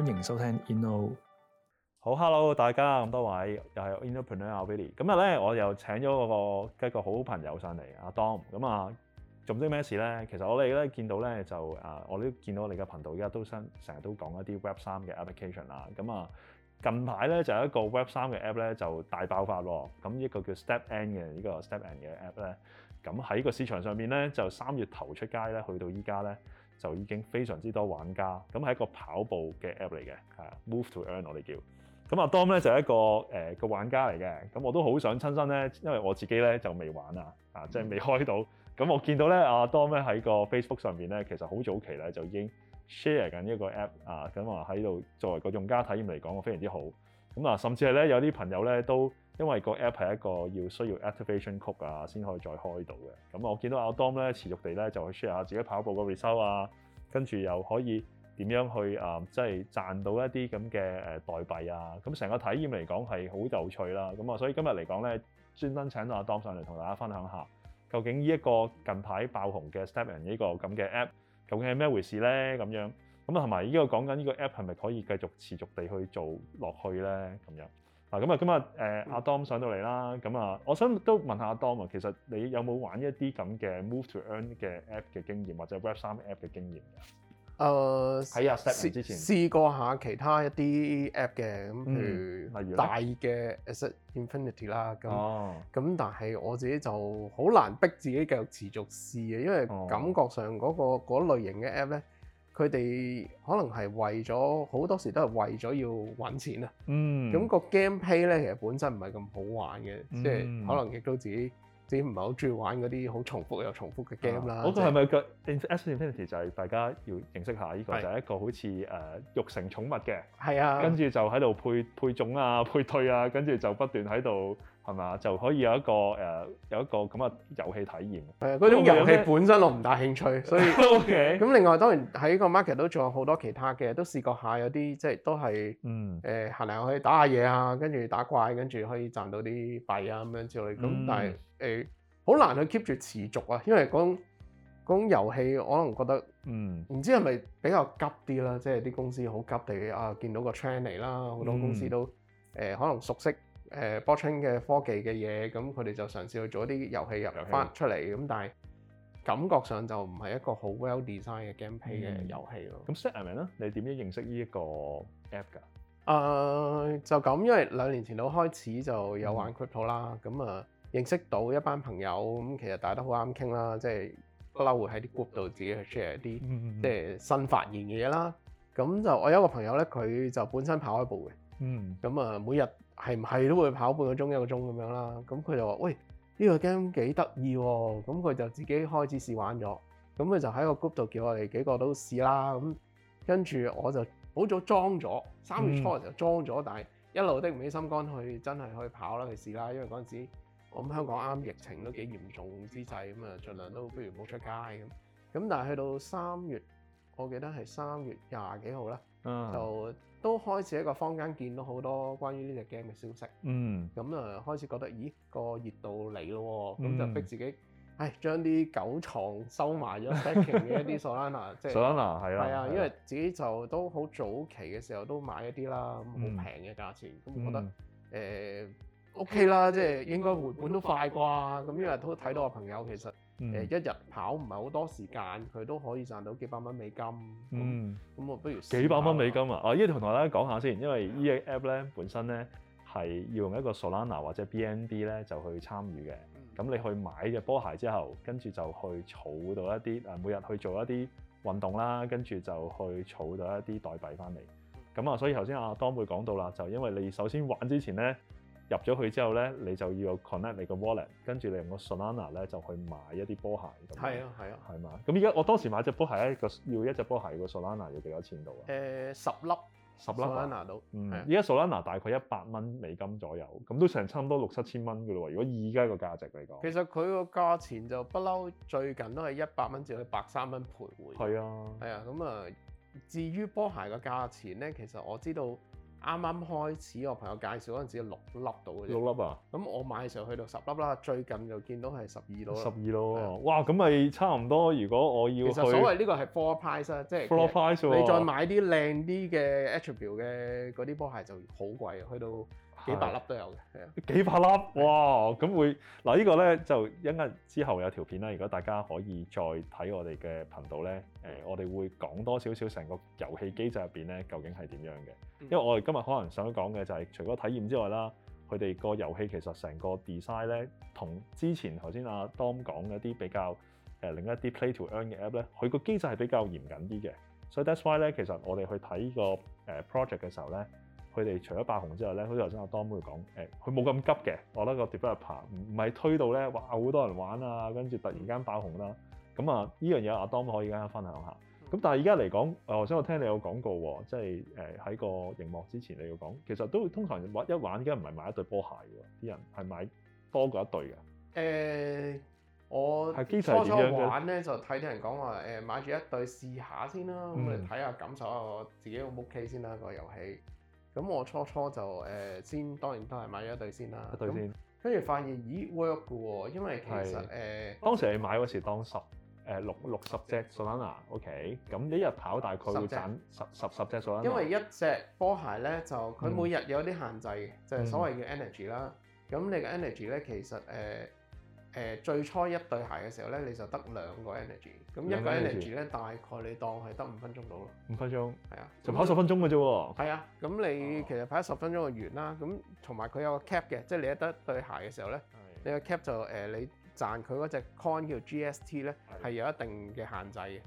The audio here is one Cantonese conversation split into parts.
歡迎收聽 Inno。好，Hello，大家咁多位，又係 Innopreneur 阿 Billy。今日咧，我又請咗嗰個一個好朋友上嚟，阿 Dom。咁啊，做唔知咩事咧？其實我哋咧見到咧就啊，我都見到你嘅頻道而家都新成日都講一啲 Web 三嘅 Application 啊。咁啊，近排咧就有一個 Web 三嘅 App 咧就大爆發咯。咁一個叫 Step N 嘅呢個 Step N 嘅 App 咧，咁喺個市場上面咧就三月頭出街咧，去到依家咧。就已經非常之多玩家，咁係一個跑步嘅 app 嚟嘅，嚇，Move to Earn 我哋叫。咁阿 Dom 咧就係、一個誒、呃、個玩家嚟嘅，咁我都好想親身咧，因為我自己咧就未玩啊，啊即係未開到。咁我見到咧阿 Dom 咧喺個 Facebook 上面咧，其實好早期咧就已經。share 緊呢個 app 啊，咁話喺度作為個用家體驗嚟講，我非常之好。咁啊，甚至係咧有啲朋友咧都因為個 app 係一個要需要 activation code 啊，先可以再開到嘅。咁我見到阿 Dom 咧持續地咧就 share 下自己跑步個 result 啊，跟住又可以點樣去啊，即係賺到一啲咁嘅誒代幣啊。咁成個體驗嚟講係好有趣啦。咁啊，所以今日嚟講咧，專登請到阿 Dom 上嚟同大家分享下，究竟呢一個近排爆紅嘅 Step In 呢個咁嘅 app。究竟係咩回事咧？咁樣咁啊，同埋依家我講緊呢個 app 係咪可以繼續持續地去做落去咧？咁樣嗱，咁啊今日誒阿 Dom 上到嚟啦，咁啊，我想都問下阿 Dom 啊，其實你有冇玩一啲咁嘅 move to earn 嘅 app 嘅經驗，或者 web 三 app 嘅經驗嘅？誒喺阿之前試過下其他一啲 app 嘅，咁，譬如大嘅 Asset Infinity 啦，咁，咁但係我自己就好難逼自己繼續持續試嘅，因為感覺上嗰個嗰類型嘅 app 咧，佢哋可能係為咗好多時都係為咗要揾錢啊。嗯，咁個 game play 咧其實本身唔係咁好玩嘅，即係可能亦都自己。自己唔係好中意玩嗰啲好重複又重複嘅 game 啦。嗰、啊就是、個係咪個 Infinite Infinity 就係大家要認識下？呢個就係一個好似誒育成寵物嘅，係啊，跟住就喺度配配種啊、配對啊，跟住就不斷喺度。係嘛？就可以有一個誒，uh, 有一個咁嘅遊戲體驗。係啊，嗰種遊戲本身我唔大興趣，所以咁另外當然喺個 market 都仲有好多其他嘅，都試過下有啲即係都係誒、嗯呃、行嚟行去打下嘢啊，跟住打怪，跟住可以賺到啲幣啊咁樣之類。咁但係誒好難去 keep 住持續啊，因為嗰種嗰種遊戲可能覺得唔知係咪比較急啲啦，即係啲公司好急地啊見到個 trend 嚟啦，好多公司都誒、呃、可能熟悉。誒、呃、波川嘅科技嘅嘢，咁佢哋就嘗試去做一啲遊戲入嚟翻戲出嚟，咁但係感覺上就唔係一個好 well design 嘅 gameplay 嘅、嗯、遊戲咯。咁 Setman、啊、你點樣認識呢一個 app 㗎？誒、uh, 就咁，因為兩年前都開始就有玩 crypto 啦，咁啊認識到一班朋友，咁其實大家都好啱傾啦，即係不嬲會喺啲 group 度自己去 share 啲即係新發現嘅嘢啦。咁、嗯嗯嗯、就我有一個朋友咧，佢就本身跑開步嘅，咁啊、嗯、每日。係唔係都會跑半個鐘一個鐘咁樣啦？咁佢就話：喂，呢個 game 幾得意喎！咁佢就自己開始試玩咗。咁佢就喺個 group 度叫我哋幾個都試啦。咁跟住我就好早裝咗，三月初就裝咗，但係一路的唔起心肝去真係去跑啦去試啦。因為嗰陣時我諗香港啱疫情都幾嚴重之際，咁啊盡量都不如唔好出街咁。咁但係去到三月。我記得係三月廿幾號啦，嗯、就都開始喺個坊間見到好多關於呢隻 game 嘅消息。嗯，咁啊、嗯、開始覺得，咦個熱度嚟咯，咁、嗯、就逼自己唉，將啲九倉收埋咗，staking 嘅一啲 Solana 啊，即係 Solana 啊，係啊了，係啊了，因為自己就都好早期嘅時候都買一啲啦，好平嘅價錢，咁覺得誒 OK 啦，即係應該回本都快啩，咁因為都睇到我朋友其實。誒、嗯、一日跑唔係好多時間，佢都可以賺到幾百蚊美金。嗯，咁我不如幾百蚊美金啊！啊，依家同大家講下先說說，因為依個 app 咧本身咧係要用一個 Solana 或者 BNB 咧就去參與嘅。咁、嗯、你去買隻波鞋之後，跟住就去儲到一啲誒、啊，每日去做一啲運動啦，跟住就去儲到一啲代幣翻嚟。咁、嗯、啊，所以頭先阿當會講到啦，就因為你首先玩之前咧。入咗去之後咧，你就要 connect 你個 wallet，跟住你用個 Solana 咧就去買一啲波鞋咁樣。係啊，係啊，係嘛。咁而家我當時買隻波鞋一個要一隻波鞋個 Solana 要幾多錢度啊？誒、呃，十粒，十粒啊 Solana 到。嗯，而家 Solana 大概一百蚊美金左右，咁、嗯啊、都成差唔多六七千蚊噶咯喎。如果而家個價值嚟講，其實佢個價錢就不嬲，最近都係一百蚊至到百三蚊徘徊。係啊，係啊。咁啊，至於波鞋個價錢咧，其實我知道。啱啱開始，我朋友介紹嗰陣時六粒到嘅，六粒啊！咁我買嘅時候去到十粒啦，最近就見到係十二到啦，十二到，哇！咁咪差唔多。如果我要，其實所謂呢個係 floor price 啊，即係 floor price 你再買啲靚啲嘅 attribute 嘅嗰啲波鞋就好貴啊，去到。幾百粒都有嘅，幾百粒哇！咁會嗱、 這個、呢個咧就一陣之後有條片啦。如果大家可以再睇我哋嘅頻道咧，誒、呃、我哋會講多少少成個遊戲機制入邊咧究竟係點樣嘅。因為我哋今日可能想講嘅就係、是、除咗體驗之外啦，佢哋個遊戲其實成個 design 咧，同之前頭先阿 Dom 講嘅一啲比較誒、呃、另一啲 play to earn 嘅 app 咧，佢個機制係比較嚴謹啲嘅。所以 that's why 咧，其實我哋去睇呢個誒 project 嘅時候咧。佢哋除咗爆紅之外咧，好似頭先阿當妹講，誒，佢冇咁急嘅，我覺得個 developer 唔，唔係推到咧，哇好多人玩啊，跟住突然間爆紅啦。咁啊，呢樣嘢阿當可以間分享下。咁但係而家嚟講，頭先我聽你有講過，即係誒喺個熒幕之前你要講，其實都通常玩一玩，而家唔係買一對波鞋嘅，啲人係買多過一對嘅。誒、欸，我初初我玩咧就睇啲人講話，誒、欸、買住一對試下先啦、啊，咁嚟睇下感受下我自己 O 唔 O K 先啦、啊個遊戲。咁我初初就誒、呃、先，當然都係買咗一對先啦。一對先，跟住發現咦 work 嘅喎、哦，因為其實誒、呃、當時你買嗰時當十誒六六十隻 Solana，OK，隻、okay, 咁一日跑大概要賺十十十隻 Solana。因為一隻波鞋咧就佢每日有啲限制、嗯、就係所謂嘅 energy 啦。咁、嗯、你嘅 energy 咧其實誒。呃誒、呃、最初一對鞋嘅時候咧，你就得兩個 energy，咁、嗯、一個 energy 咧大概你當係得五分鐘到咯。五分鐘，係啊，就跑十分鐘嘅啫喎。係啊，咁你其實跑十分鐘就完啦。咁同埋佢有，有個 cap 嘅，即係你一得一對鞋嘅時候咧的、呃，你個 cap 就誒你賺佢嗰隻 coin 叫 GST 咧係有一定嘅限制嘅。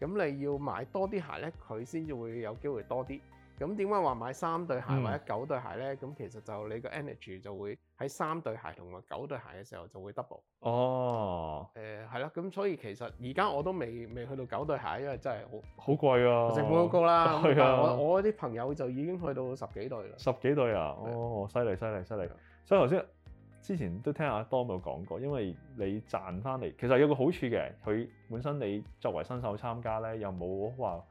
咁你要買多啲鞋咧，佢先至會有機會多啲。咁點解話買三對鞋或者九對鞋咧？咁、嗯、其實就你個 energy 就會喺三對鞋同埋九對鞋嘅時候就會 double、啊嗯。哦、嗯，誒係咯，咁所以其實而家我都未未去到九對鞋，因為真係好好貴啊，成本好高啦。係啊，我我啲朋友就已經去到十幾對啦。十幾對啊？的哦，犀利犀利犀利！所以頭先之前都聽阿 Dom 講過，因為你賺翻嚟其實有個好處嘅，佢本身你作為新手參加咧，又冇話。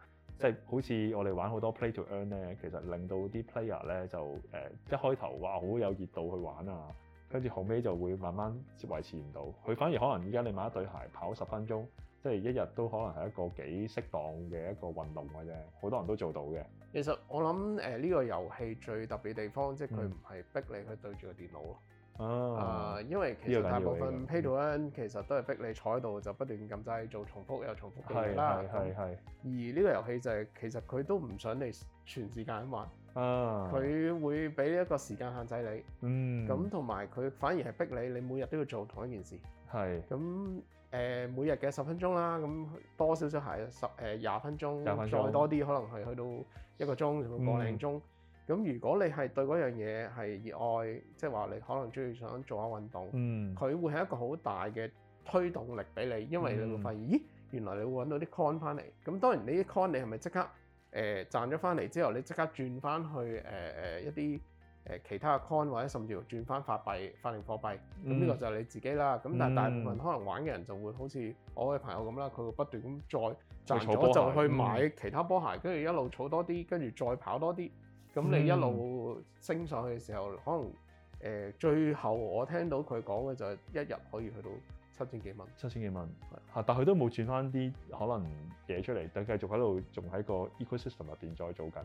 即係好似我哋玩好多 play to earn 咧，其實令到啲 player 咧就誒、呃、一開頭哇好有熱度去玩啊，跟住後尾就會慢慢維持唔到。佢反而可能而家你買一對鞋跑十分鐘，即係一日都可能係一個幾適當嘅一個運動嘅啫，好多人都做到嘅。其實我諗誒呢個遊戲最特別地方，即係佢唔係逼你去對住個電腦咯。嗯。啊，因為其實大部分 Pay to Win 其實都係逼你坐喺度就不斷撳掣做重複又重複嘅嘢啦。係係係。而呢個遊戲就係其實佢都唔想你全時間玩。啊。佢會俾呢一個時間限制你。嗯。咁同埋佢反而係逼你，你每日都要做同一件事。係。咁誒每日嘅十分鐘啦，咁多少少係十誒廿分鐘，再多啲可能係去到一個鐘，甚至個零鐘。咁如果你係對嗰樣嘢係熱愛，即係話你可能中意想做下運動，嗯，佢會係一個好大嘅推動力俾你，因為你會發現、嗯、咦，原來你會搵到啲 coin 翻嚟。咁當然呢啲 coin 你係咪即刻誒、呃、賺咗翻嚟之後，你即刻轉翻去誒誒、呃呃、一啲誒、呃、其他嘅 coin，或者甚至乎轉翻法幣、法定貨幣咁呢、嗯、個就係你自己啦。咁但係大部分可能玩嘅人就會好似我嘅朋友咁啦，佢會不斷咁再賺咗就去買其他波鞋，跟、嗯、住一路儲多啲，跟住再跑多啲。咁、嗯、你一路升上去嘅時候，可能誒、呃、最後我聽到佢講嘅就係一日可以去到七千幾蚊，七千幾蚊嚇，但佢都冇轉翻啲可能嘢出嚟，等繼續喺度仲喺個 ecosystem 入邊再做緊嘅。誒、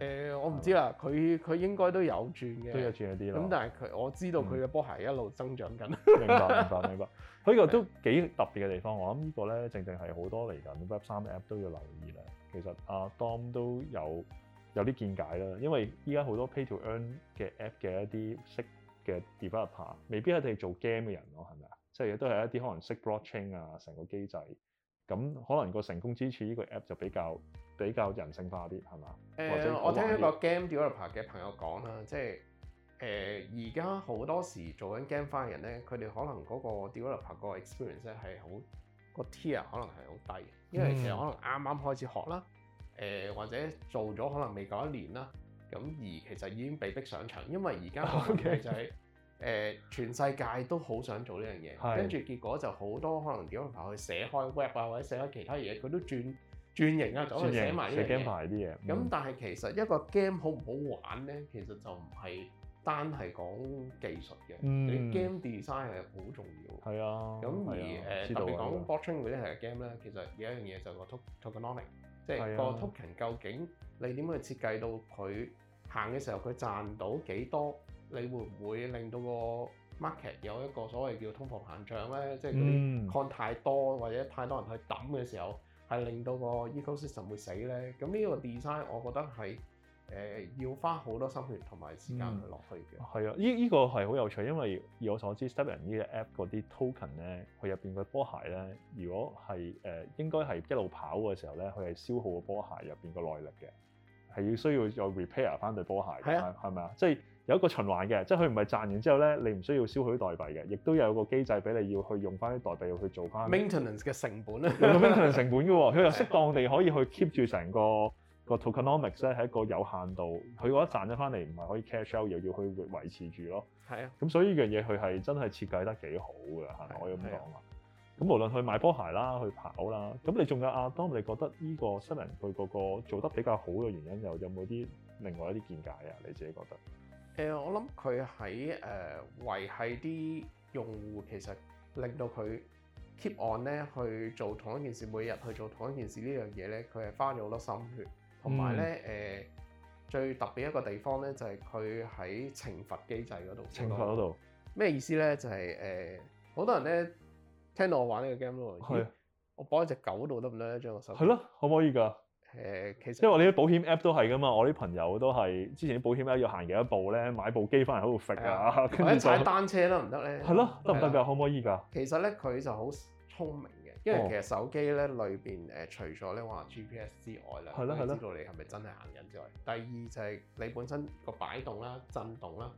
呃，我唔知啦，佢佢吧應該都有轉嘅，都有轉一啲啦。咁但係佢我知道佢嘅波鞋一路增長緊、嗯。 明白明白明白。佢呢個都幾特別嘅地方，對我諗呢個咧正正係好多嚟緊 web 三嘅 app 都要留意咧。其實阿 Dom 都有。有啲見解啦，因為依家好多 pay-to-earn 嘅 app 嘅一啲識嘅 developer，未必係佢哋做 game 嘅人咯，係咪啊？即係亦都係一啲可能識 blockchain 啊，成個機制，咁可能個成功之處呢個 app 就比較比較人性化啲，係嘛？誒、欸，我聽一個 game developer 嘅朋友講啦，即係誒，而家好多時做緊 game 化嘅人咧，佢哋可能嗰個 developer 個 experience 咧係好個 tier 可能係好低，因為其實可能啱啱開始學啦。嗯嗯誒或者做咗可能未夠一年啦，咁而其實已經被逼上場，因為而家講嘅就係誒全世界都好想做呢樣嘢，跟住結果就好多可能點樣去寫開 web 啊，或者寫開其他嘢，佢都轉轉型啊，走去寫埋呢樣嘢，game 牌啲嘢。咁但係其實一個 game 好唔好玩咧，其實就唔係單係講技術嘅，你 game design 係好重要。係啊。咁而誒特別講 botting 嗰啲係 game 咧，其實有一樣嘢就個 tokenomics。即係個 token 究竟你點樣去設計到佢行嘅時候佢賺到幾多？你會唔會令到個 market 有一個所謂叫通貨膨脹咧？即係佢 c 太多或者太多人去抌嘅時候，係令到個 ecosystem 會死咧？咁呢個 design 我覺得係。誒要花好多心血同埋時間去落去嘅，係、嗯、啊，依、這、依個係好有趣，因為以我所知 STEPN 呢個 app 嗰啲 token 咧，佢入邊個波鞋咧，如果係誒、呃、應該係一路跑嘅時候咧，佢係消耗個波鞋入邊個耐力嘅，係要需要再 repair 翻對波鞋，係啊，係咪啊？即係有一個循環嘅，即係佢唔係賺完之後咧，你唔需要消耗代幣嘅，亦都有個機制俾你要去用翻啲代幣去做翻 maintenance 嘅成本咧 ，maintenance 成本嘅喎，佢又適當地可以去 keep 住成個。個 tokenomics 咧係一個有限度，佢嗰一賺咗翻嚟唔係可以 cash out 又要去維持住咯。係啊，咁所以呢樣嘢佢係真係設計得幾好㗎。係咪可以咁講啊，咁、啊、無論去買波鞋啦，去跑啦，咁你仲有阿、啊、當，你覺得呢個新人佢嗰個做得比較好嘅原因又有冇啲另外一啲見解啊？你自己覺得？誒、呃，我諗佢喺誒維係啲用戶，其實令到佢 keep on 咧去做同一件事，每日去做同一件事、這個、呢樣嘢咧，佢係花咗好多心血。同埋咧，誒最特別一個地方咧，就係佢喺懲罰機制嗰度。懲罰嗰度咩意思咧？就係誒好多人咧聽到我玩呢個 game 咯，我綁喺隻狗度得唔得咧？將個手係咯，可唔可以㗎？誒，其實因為我呢啲保險 app 都係噶嘛，我啲朋友都係之前啲保險 app 要行幾多步咧，買部機翻嚟喺度啊，踩單車得唔得咧？係咯，得唔得㗎？可唔可以㗎？其實咧，佢就好聰明。因為其實手機咧裏邊誒，除咗咧話 GPS 之外咧，係咯係咯，知道你係咪真係行緊之外，第二就係你本身個擺動啦、震動啦，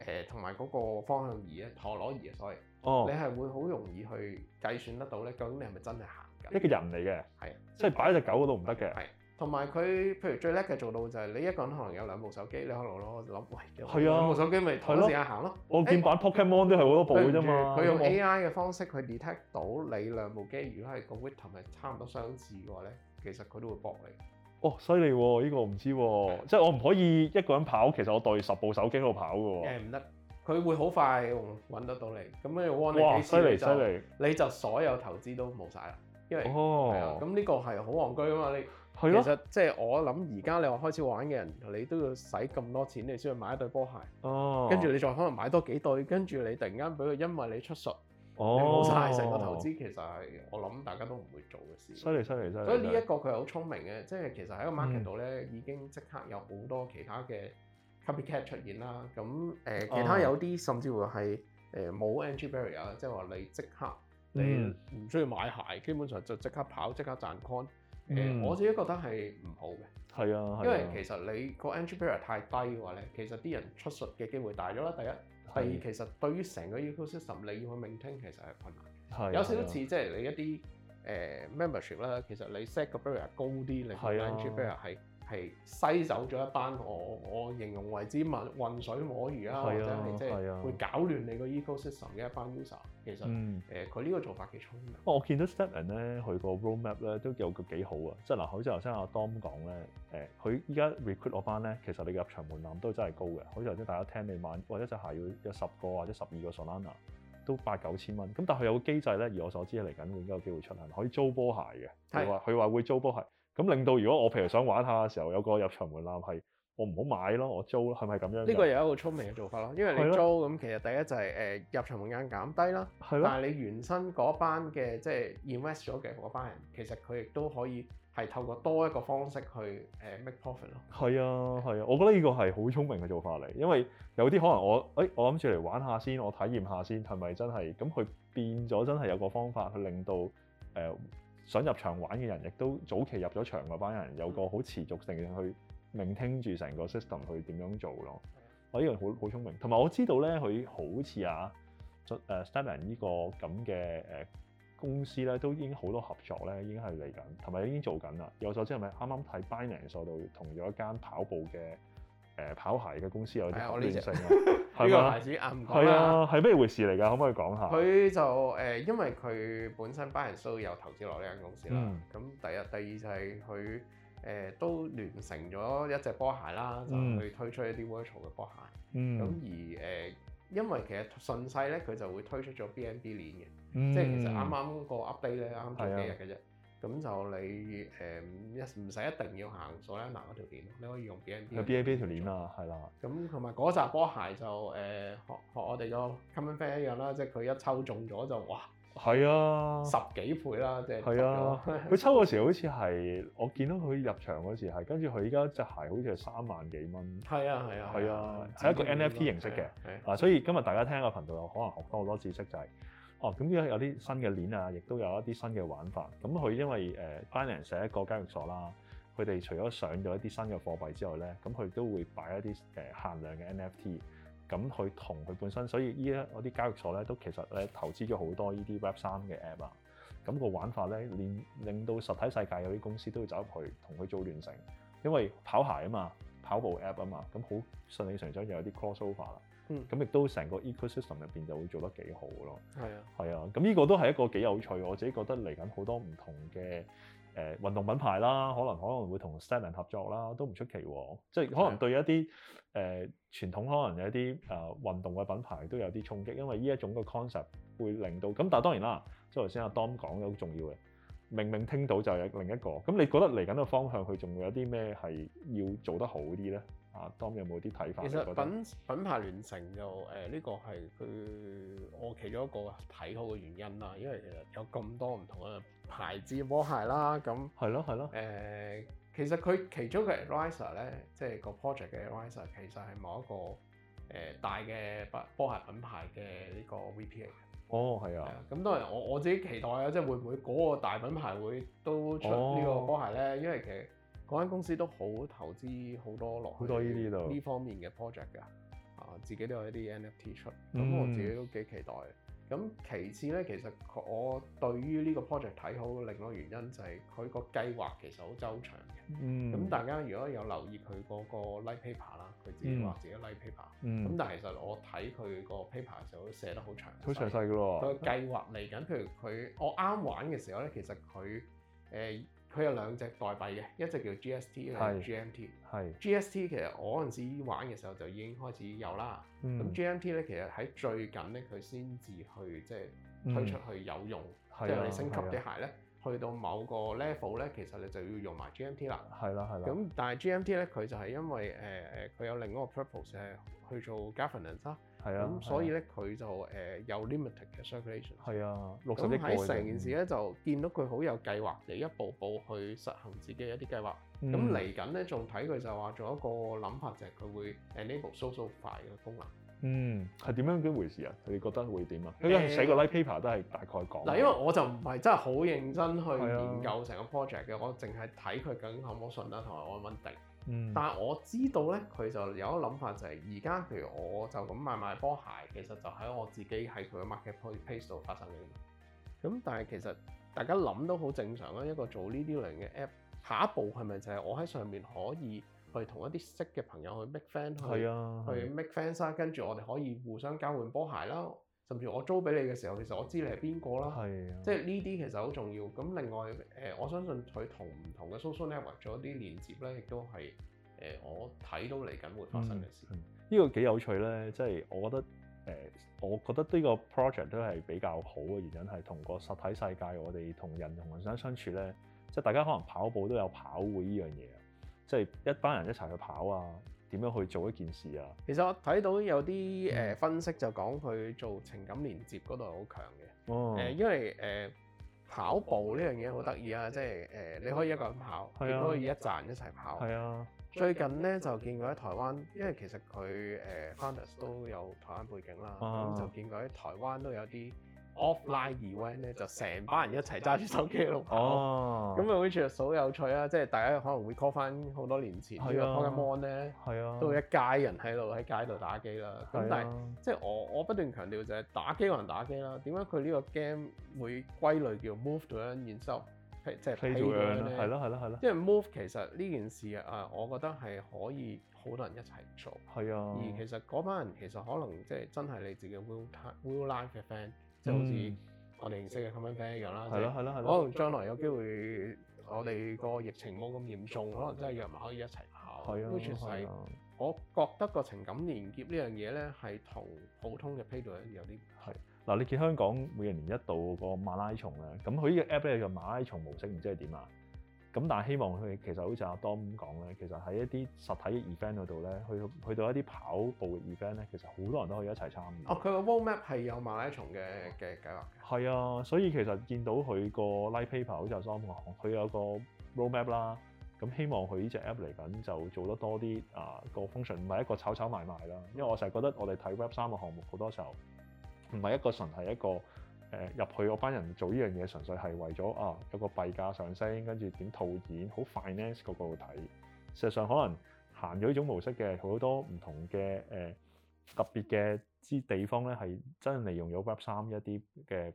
誒同埋嗰個方向儀啊、陀螺儀啊，所以、哦、你係會好容易去計算得到咧，究竟你係咪真係行緊？呢個人嚟嘅，係啊，即係擺喺隻狗嗰度唔得嘅，係。同埋佢，譬如最叻嘅做到就係你一個人可能有兩部手機，你可能攞攞，喂，兩部手機咪同時行咯。我見玩 Pokemon 都係好多部啫嘛。佢用 AI 嘅方式去 detect 到你兩部機，如果係個 pattern 係差唔多相似嘅話咧，其實佢都會搏你。哦，犀利喎！呢個我唔知喎，即係我唔可以一個人跑，其實我帶十部手機喺度跑嘅喎。誒唔得，佢會好快揾得到你。咁樣你犀利犀利，你就你就所有投資都冇曬啦，因為哦咁呢個係好戇居啊嘛，你。其實即係我諗，而家你話開始玩嘅人，你都要使咁多錢，你先去買一對波鞋。哦，跟住你再可能買多幾對，跟住你突然間俾佢，因為你出術，oh. 你冇曬成個投資，其實係我諗大家都唔會做嘅事。犀利犀利犀利！所以呢一個佢係好聰明嘅，即係其實喺個 market 度咧，已經即刻有好多其他嘅 copycat 出現啦。咁誒、呃，其他有啲甚至乎係誒冇 entry barrier，即係話你即刻、嗯、你唔需要買鞋，基本上就即刻跑，即刻賺 coin。誒、嗯、我自己覺得係唔好嘅，係啊，啊因為其實你個 entry barrier 太低嘅話咧，其實啲人出術嘅機會大咗啦。第一，第二、啊、其實對於成個 ecosystem 你要去 maintain 其實係困難嘅。啊啊、有少少似即係你一啲誒、呃、membership 啦，其實你 set 個 barrier 高啲，你個 entry barrier 係、啊。係篩走咗一班我我形容為之混混水摸魚啦，啊啊、或者係即係會搞亂你個 ecosystem 嘅一班 user。其實誒佢呢個做法幾錯？哦，我見到 Stephen 咧，佢個 roadmap 咧都有個幾好啊。即係嗱，好似頭先阿 Dom 講咧，誒、呃、佢依家 recruit 我班咧，其實你入場門檻都真係高嘅。好似頭先大家聽你買，或者隻鞋要有十個或者十二個 Solana 都八九千蚊。咁但係佢有個機制咧，以我所知嚟緊應該有機會出現，可以租波鞋嘅。係的，佢話會租波鞋。咁令到如果我譬如想玩下嘅時候，有個入場門檻係我唔好買咯，我租咯，係咪咁樣？呢個又一個聰明嘅做法咯，因為你租咁其實第一就係誒入場門檻減低啦。係咯的。但係你原生嗰班嘅即係 invest 咗嘅嗰班人，其實佢亦都可以係透過多一個方式去誒 make profit 咯。係啊，係啊，我覺得呢個係好聰明嘅做法嚟，因為有啲可能我誒、欸、我諗住嚟玩下先，我體驗下先，係咪真係？咁佢變咗真係有個方法去令到誒，呃想入場玩嘅人，亦都早期入咗場嗰班人，有個好持續性嘅去聆聽住成個 system 去點樣做咯。我呢個好好聰明，同埋我知道咧，佢好似啊，誒 Stalin 呢個咁嘅誒公司咧，都已經好多合作咧，已經係嚟緊，同埋已經做緊啦。有所知係咪啱啱睇 Binance 度同咗一間跑步嘅。誒跑鞋嘅公司有啲、啊、我聯成，呢 吧 個牌子啱唔講啦，係啊，係咩回事嚟㗎？可唔可以講下？佢就誒，因為佢本身 Binance 有投資落呢間公司啦，咁第一、第二就係佢誒都聯成咗一隻波鞋啦，就去推出一啲 Virtual 嘅波鞋。咁、嗯、而誒、呃，因為其實順勢咧，佢就會推出咗 BNB 鏈嘅，嗯、即係其實啱啱個 update 咧，啱啱幾日嘅啫。嗯咁就你誒一唔使一定要行蘇拉拿嗰條鏈，你可以用 B N B。個 B A B 條鏈啦，係啦。咁同埋嗰隻波鞋就誒學、呃、學我哋個 common fare 一樣啦，即係佢一抽中咗就哇！係啊的，十幾倍啦，即係的。係啊，佢抽嗰時好似係我見到佢入場嗰時係，跟住佢依家隻鞋好似係三萬幾蚊。係啊係啊係啊，係一個 N F T 形式嘅，啊，所以今日大家聽個頻道有可能學多好多知識就係、是。哦，咁依家有啲新嘅鏈啊，亦都有一啲新嘅玩法。咁佢因為誒，Binance 係一個交易所啦，佢哋除咗上咗一啲新嘅貨幣之外咧，咁佢都會擺一啲誒限量嘅 NFT。咁佢同佢本身，所以依家啲交易所咧都其實咧投資咗好多呢啲 Web3 嘅 app 啊。咁個玩法咧，連令到實體世界有啲公司都要走入去同佢做聯成，因為跑鞋啊嘛，跑步 app 啊嘛，咁好順理成章就有啲 crossover 啦。嗯，咁亦都成個 ecosystem 入邊就會做得幾好咯。係啊，係啊，咁呢個都係一個幾有趣，我自己覺得嚟緊好多唔同嘅誒、呃、運動品牌啦，可能可能會同 Stanley 合作啦，都唔出奇喎、啊。即係可能對一啲誒、呃、傳統可能有一啲誒、呃、運動嘅品牌都有啲衝擊，因為呢一種嘅 concept 會令到。咁但係當然啦，即係頭先阿 Dom 講嘅好重要嘅，明明聽到就有另一個。咁你覺得嚟緊個方向佢仲會有啲咩係要做得好啲咧？啊，當有冇啲睇法？其實品品牌聯乘就誒，呢、呃這個係佢我其中一個睇好嘅原因啦。因為其實有咁多唔同嘅牌子嘅波鞋啦，咁係咯係咯。誒、呃，其實佢其中嘅 adviser 咧，即係個 project 嘅 adviser，其實係某一個誒、呃、大嘅波鞋品牌嘅呢個 VP a 哦，係啊。咁當然我我自己期待啊，即係會唔會嗰個大品牌會都出呢個波鞋咧？哦、因為其實。嗰間公司都好投資好多落去多呢啲度呢方面嘅 project 㗎，啊自己都有一啲 NFT 出，咁、嗯、我自己都幾期待。咁其次咧，其實我對於呢個 project 睇好，另外一個原因就係佢個計劃其實好周詳嘅。嗯。咁大家如果有留意佢嗰個 like paper 啦，佢自己話自己 like paper、嗯。咁、嗯、但係其實我睇佢個 paper 嘅時候寫，都寫得好長細。好詳細㗎喎。佢計劃嚟緊，嗯、譬如佢我啱玩嘅時候咧，其實佢誒。呃佢有兩隻代幣嘅，一隻叫 GST，一隻叫 GMT。係 GST 其實我嗰陣時玩嘅時候就已經開始有啦。咁 GMT 咧其實喺最近咧佢先至去即係推出去有用，嗯、即係你升級啲鞋咧，啊、去到某個 level 咧，其實你就要用埋 GMT 啦。係啦、啊，係啦、啊。咁、啊、但係 GMT 咧佢就係因為誒佢、呃、有另外一個 purpose 係去做 governance 啦。係啊，咁所以咧佢、啊、就誒有 limited 嘅 circulation。係啊，六十億個。喺成件事咧就見到佢好有計劃就一步步去實行自己一啲計劃。咁嚟緊咧仲睇佢就話做一個諗法就係佢會 enable super f a 嘅功能。嗯，係點樣嘅回事啊？佢哋覺得會點啊？佢、嗯、寫個 l i k e paper 都係大概講。嗱、嗯，因為我就唔係真係好認真去研究成個 project 嘅，啊、我淨係睇佢究竟可唔可信啦，同埋安唔安定。嗯，但係我知道咧，佢就有一個諗法就係，而家譬如我就咁買賣波鞋，其實就喺我自己喺佢嘅 Marketplace 度發生嘅。咁但係其實大家諗都好正常啊，一個做呢啲類型嘅 App，下一步係咪就係我喺上面可以去同一啲識嘅朋友去 make friend，係啊，去 make friends 啦，跟住我哋可以互相交換波鞋啦。甚至我租俾你嘅時候，其實我知你係邊個啦，啊、即係呢啲其實好重要。咁另外誒，我相信佢同唔同嘅 social network 做一啲連接咧，亦都係誒我睇到嚟緊會發生嘅事。呢、嗯嗯呢個幾有趣咧，即係我覺得誒，我覺得呢個 project 都係比較好嘅原因係同個實體世界，我哋同人同人相相處咧，即係大家可能跑步都有跑會呢樣嘢，即係一班人一齊去跑啊。點樣去做一件事啊？其實我睇到有啲誒分析就講佢做情感連接嗰度係好強嘅，誒、哦、因為誒、呃、跑步呢樣嘢好得意啊，嗯、即係誒、呃、你可以一個人跑，亦、啊、可以一陣一齊跑。係啊，最近咧就見過喺台灣，因為其實佢誒 Fantas 都有台灣背景啦，咁、哦、就見過喺台灣都有啲。Offline event 咧麼就成班人一齊揸住手機咯，哦，咁啊 which 好有趣啦，即係大家可能會 call 翻好多年前呢個 Pokemon 咧，係是啊，都一街人喺度喺街度打機啦，咁但係即係我我不斷強調就係打機還打機啦，點解佢呢個 game 會歸類叫 Move to Earn instead of 即係飛咗咧？係咯係咯係咯，因為 Move 其實呢件事啊，我覺得係可以好多人一齊做，係啊的，而其實嗰班人其實可能即係真係你自己 Will Will Live 嘅 friend。嗯、就好似我哋認識嘅 common friend 一樣啦，係咯係咯係咯。可能將來有機會，我哋個疫情冇咁嚴重，可能真係約埋可以一齊跑。係啊 which is 係，的我覺得個情感連結呢樣嘢咧，係同普通嘅 playground 有啲唔同。嗱，你見香港每年年一度個馬拉松咧，咁佢呢個 app 咧有個馬拉松模式，唔知係點啊？咁但係希望佢其實好似阿 Dom 講咧，其實喺一啲實體嘅 event 嗰度咧，去去到一啲跑步嘅 event 咧，其實好多人都可以一齊參與。哦，佢個 Road Map 係有馬拉松嘅嘅計劃。係啊，所以其實見到佢個 Lightpaper 好似係三個項目，佢有個 Road Map 啦、啊。咁希望佢呢隻 App 嚟緊就做得多啲啊個 function，唔係一個炒炒賣賣啦。因為我成日覺得我哋睇 Web 三個項目好多時候唔係一個純係一個。誒入去嗰班人做呢樣嘢，純粹係為咗啊有個幣價上升，跟住點套現，好 finance 呢個個睇。事實上可能行咗呢種模式嘅好多唔同嘅誒、呃、特別嘅之地方咧，係真係利用咗 Web 三一啲嘅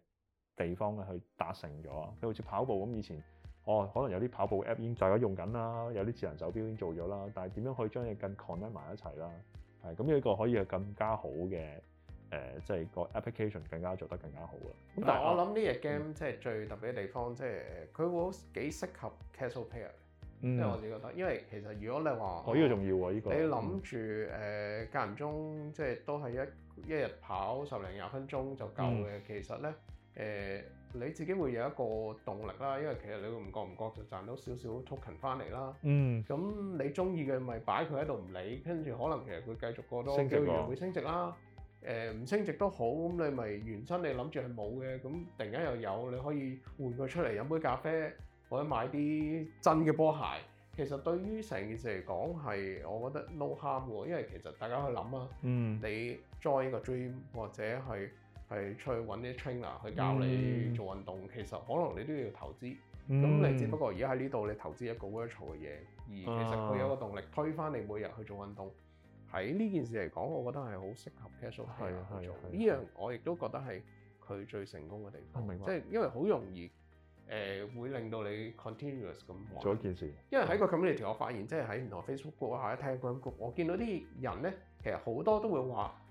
地方啊去達成咗。譬如好似跑步咁，以前哦可能有啲跑步 App 已經大家用緊啦，有啲智能手錶已經做咗啦。但係點樣可以將嘢更 connect 埋一齊啦？係咁呢個可以係更加好嘅。誒、呃，即係個 application 更加做得更加好啦。咁但係是我諗呢隻 game 即係最特別嘅地方，即係佢會幾適合 casual player，因為我自己覺得，因為其實如果你話哦，呢、呢個重要喎，呢、呢個你諗住誒間唔中是是，即係都係一一日跑十零廿分鐘就夠嘅。嗯、其實咧誒、呃，你自己會有一個動力啦，因為其實你會唔覺唔覺就賺到少少 token 翻嚟啦。嗯，咁你中意嘅咪擺佢喺度唔理，跟住可能其實佢繼續過多幾個月，值、啊、升值啦。誒唔、呃、升值都好，咁你咪原身你諗住係冇嘅，咁突然間又有，你可以換佢出嚟飲杯咖啡，或者買啲真嘅波鞋。其實對於成件事嚟講係，我覺得 no harm 喎，因為其實大家去諗啊，嗯、你 join 個 dream 或者係係出去揾啲 trainer 去教你做運動，嗯、其實可能你都要投資。咁、嗯、你只不過而家喺呢度你投資一個 virtual 嘅嘢，而其實佢有個動力推翻你每日去做運動。喺呢件事嚟講，我覺得係好適合 casual player 去做呢樣，做的我亦都覺得係佢最成功嘅地方。明即係因為好容易誒、呃、會令到你 continuous 咁做一件事。因為喺個 community，我發現即係喺唔同 Facebook group 或者 Telegram group，我見到啲人咧，其實好多都會話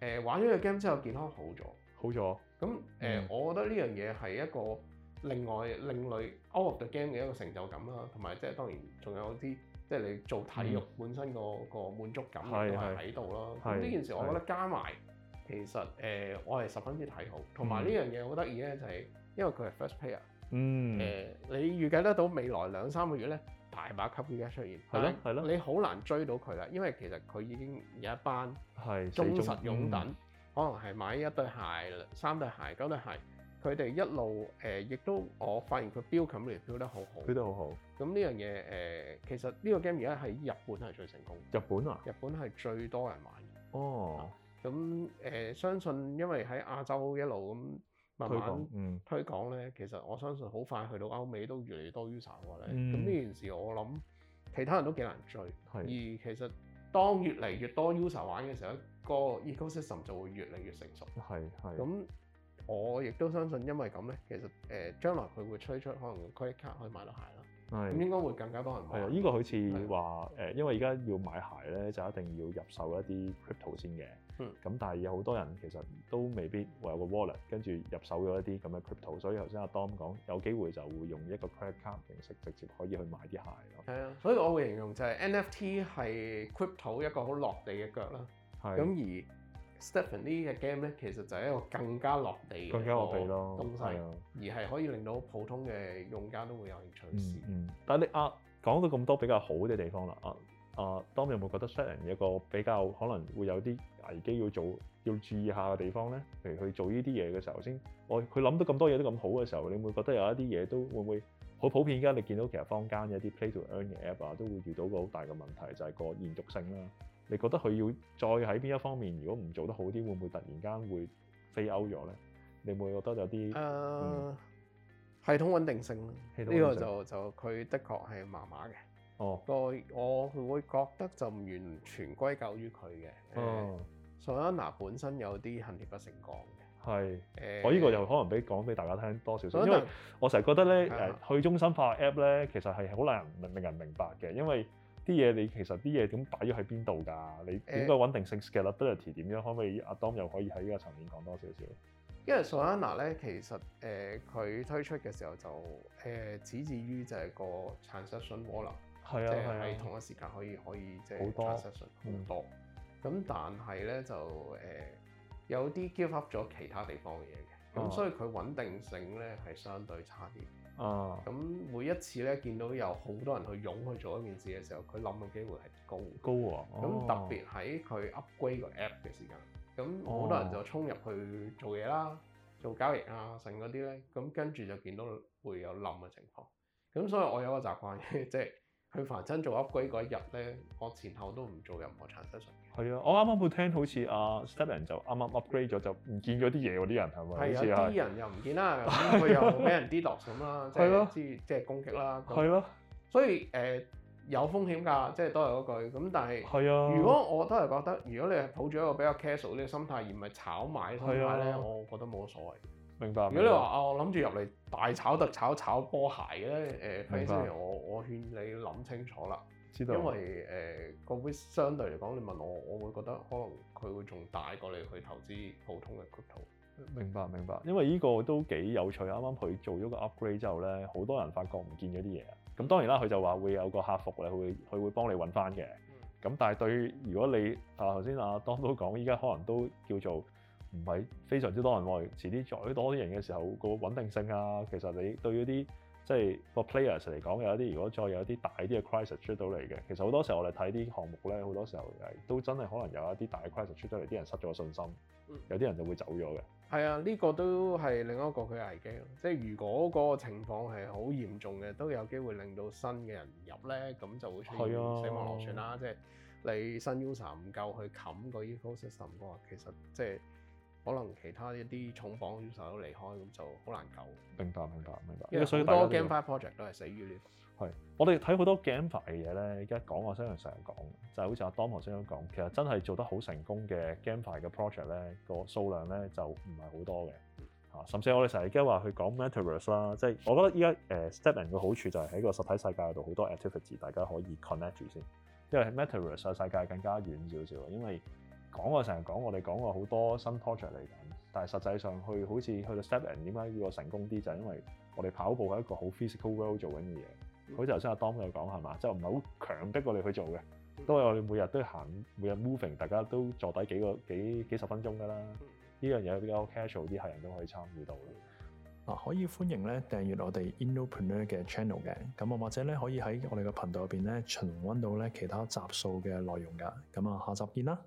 誒、呃、玩咗個 game 之後健康好咗，好咗了。咁誒，呃嗯、我覺得呢樣嘢係一個另外另類 out of the game 嘅一個成就感啦，同埋即係當然仲有啲。即係你做體育本身、嗯、個個滿足感都係喺度咯。呢件事我覺得加埋其實誒、呃，我係十分之睇好。同埋呢樣嘢好得意咧，就係、是、因為佢係 first payer、嗯。嗯誒、呃，你預計得到未來兩三個月咧，大把級依家出現係咯係咯，你好難追到佢啦，因為其實佢已經有一班係是忠實擁躉，嗯、可能係買一對鞋、三對鞋、九對鞋。佢哋一路誒，亦都我發現佢 build game 嚟 build 得好好，build 得好好。咁呢樣嘢誒，其實呢個 game 而家喺日本係最成功。日本啊？日本係最多人玩。哦。咁誒，相信因為喺亞洲一路咁慢慢推廣，嗯，推廣咧，其實我相信好快去到歐美都越嚟越多 user 嘅咧。咁呢件事我諗其他人都幾難追。係。而其實當越嚟越多 user 玩嘅時候，個 ecosystem 就會越嚟越成熟。係係。咁。我亦都相信，因為咁咧，其實誒、呃、將來佢會推出可能 credit card 可以買到鞋啦。係的，咁應該會更加多人買。係啊，依、這個好似話誒，的因為而家要買鞋咧，就一定要入手一啲 crypto 先嘅。嗯。咁但係有好多人其實都未必會有個 wallet，跟住入手咗一啲咁嘅 crypto，所以頭先阿 Dom 講有機會就會用一個 credit card 形式直接可以去買啲鞋咯。係啊，所以我會形容就係 NFT 係 crypto 一個好落地嘅腳啦。係的。咁而 Stephanie 嘅 game 咧，其實就係一個更加落地嘅東西，而係可以令到普通嘅用家都會有興趣試、嗯嗯。但係你阿、啊、講到咁多比較好嘅地方啦，啊啊，當你有冇覺得 Stephan 有一個比較可能會有啲危機要做，要注意下嘅地方咧？譬如去做呢啲嘢嘅時候，先我佢諗到咁多嘢都咁好嘅時候，你會覺得有一啲嘢都會唔會好普遍？而家你見到其實坊間有啲 Play to Earn 嘅 app 啊，都會遇到個好大嘅問題，就係、是、個延續性啦。你覺得佢要再喺邊一方面，如果唔做得好啲，會唔會突然間會非歐咗咧？你會覺得有啲誒系統穩定性，呢個就就佢的確係麻麻嘅。哦，我我會覺得就唔完全歸咎於佢嘅。嗯，Sona 本身有啲恨鐵不成鋼嘅。係，我呢個又可能俾講俾大家聽多少少，因為我成日覺得咧誒去中心化 app 咧，其實係好難令令人明白嘅，因為。啲嘢你其實啲嘢咁擺咗喺邊度㗎？你點解穩定性嘅 scalability 點樣？可唔可以阿 Dom 又可以喺呢個層面講多少少？因為 Solana 咧，其實誒佢、呃、推出嘅時候就誒，只、呃、至於就係個 transaction volume 係同一時間可以可以即係 transaction 好多。咁多但係咧就誒、呃、有啲 give up 咗其他地方嘅嘢嘅，咁、哦、所以佢穩定性咧係相對差啲。哦，咁、啊、每一次咧見到有好多人去湧去做一件事嘅時候，佢冧嘅機會係高高咁、啊啊、特別喺佢 upgrade 個 app 嘅時間，咁好多人就衝入去做嘢啦，做交易啊，剩嗰啲咧，咁跟住就見到會有冧嘅情況。咁所以我有個習慣，即係。 即佢凡親做 upgrade 嗰一日咧，我前後都唔做任何產生上面。啊，我啱啱會聽，好似阿 Stephen 就啱啱 upgrade 咗，就唔見咗啲嘢喎。啲人係咪？係啊，啲、啊、人又唔見啦，佢、啊、又俾人 DDoS 咁啦，即係即係攻擊啦。係咯。啊、所以誒、呃，有風險㗎，即係都係嗰句咁。但係，係啊。如果我都係覺得，如果你係抱住一個比較 casual 啲心態，而唔係炒買心態咧、啊啊，我覺得冇所謂。明白。明白，如果你話啊，我諗住入嚟大炒特炒炒波鞋嘅咧，誒，我我勸你諗清楚啦。知道。因為誒個股相對嚟講，你問我，我會覺得可能佢會仲大過你去投資普通嘅股圖。明白，明白。因為呢個都幾有趣。啱啱佢做咗個 upgrade 之後咧，好多人發覺唔見咗啲嘢。咁當然啦，佢就話會有個客服嚟，會佢會幫你揾翻嘅。咁、嗯、但係對，如果你啊頭先阿當都講，依家可能都叫做。唔係非常之多人愛，遲啲再多啲人嘅時候個穩定性啊，其實你對於啲即係個 players 嚟講，有一啲如果再有一啲大啲嘅 crisis 出到嚟嘅，其實好多時候我哋睇啲項目咧，好多時候係都真係可能有一啲大嘅 crisis 出到嚟，啲人失咗信心，有啲人就會走咗嘅。係啊、嗯，呢、呢個都係另一個佢危機咯。即係如果嗰個情況係好嚴重嘅，都有機會令到新嘅人入咧，咁就會出現死亡螺旋啦。即係呀你新 user 唔夠去冚個 ecosystem 嘅話，其實即係。可能其他一啲重磅選手都離開，咁就好難救。明白，明白，明白。因為 Yeah, 所以多 GameFi project 都係死於呢個。係，我哋睇好多 GameFi 嘅嘢咧，而家講話 Stephen 成日講，就係、是、好似阿 Donald 先生講，其實真係做得好成功嘅 GameFi 嘅 project 咧，個數量咧就唔係好多嘅。啊，甚至我哋成日而家話去講 Metaverse 啦，即係我覺得而家誒、呃、StepN 嘅好處就係喺個實體世界度好多 activity 大家可以 connect 住先，因為 Metaverse 嘅世界更加遠少少，因為講我成日講，我哋講過好多新 project 嚟緊，但係實際上好去好似去到 step in 點解會成功啲，就係因為我哋跑步係一個好 physical world 做緊嘅嘢。好似頭先阿 Donald 講係嘛，即係唔係好強迫我哋去做嘅，都係我哋每日都行，每日 moving，大家都坐低幾個幾幾十分鐘㗎啦。呢樣嘢比較 casual，啲客人都可以參與到。嗱、啊，可以歡迎咧訂閱我哋 Innopreneur 嘅 channel 嘅，咁或者咧可以喺我哋嘅頻道入邊咧重温到咧其他集數嘅內容㗎。咁啊，下集見啦！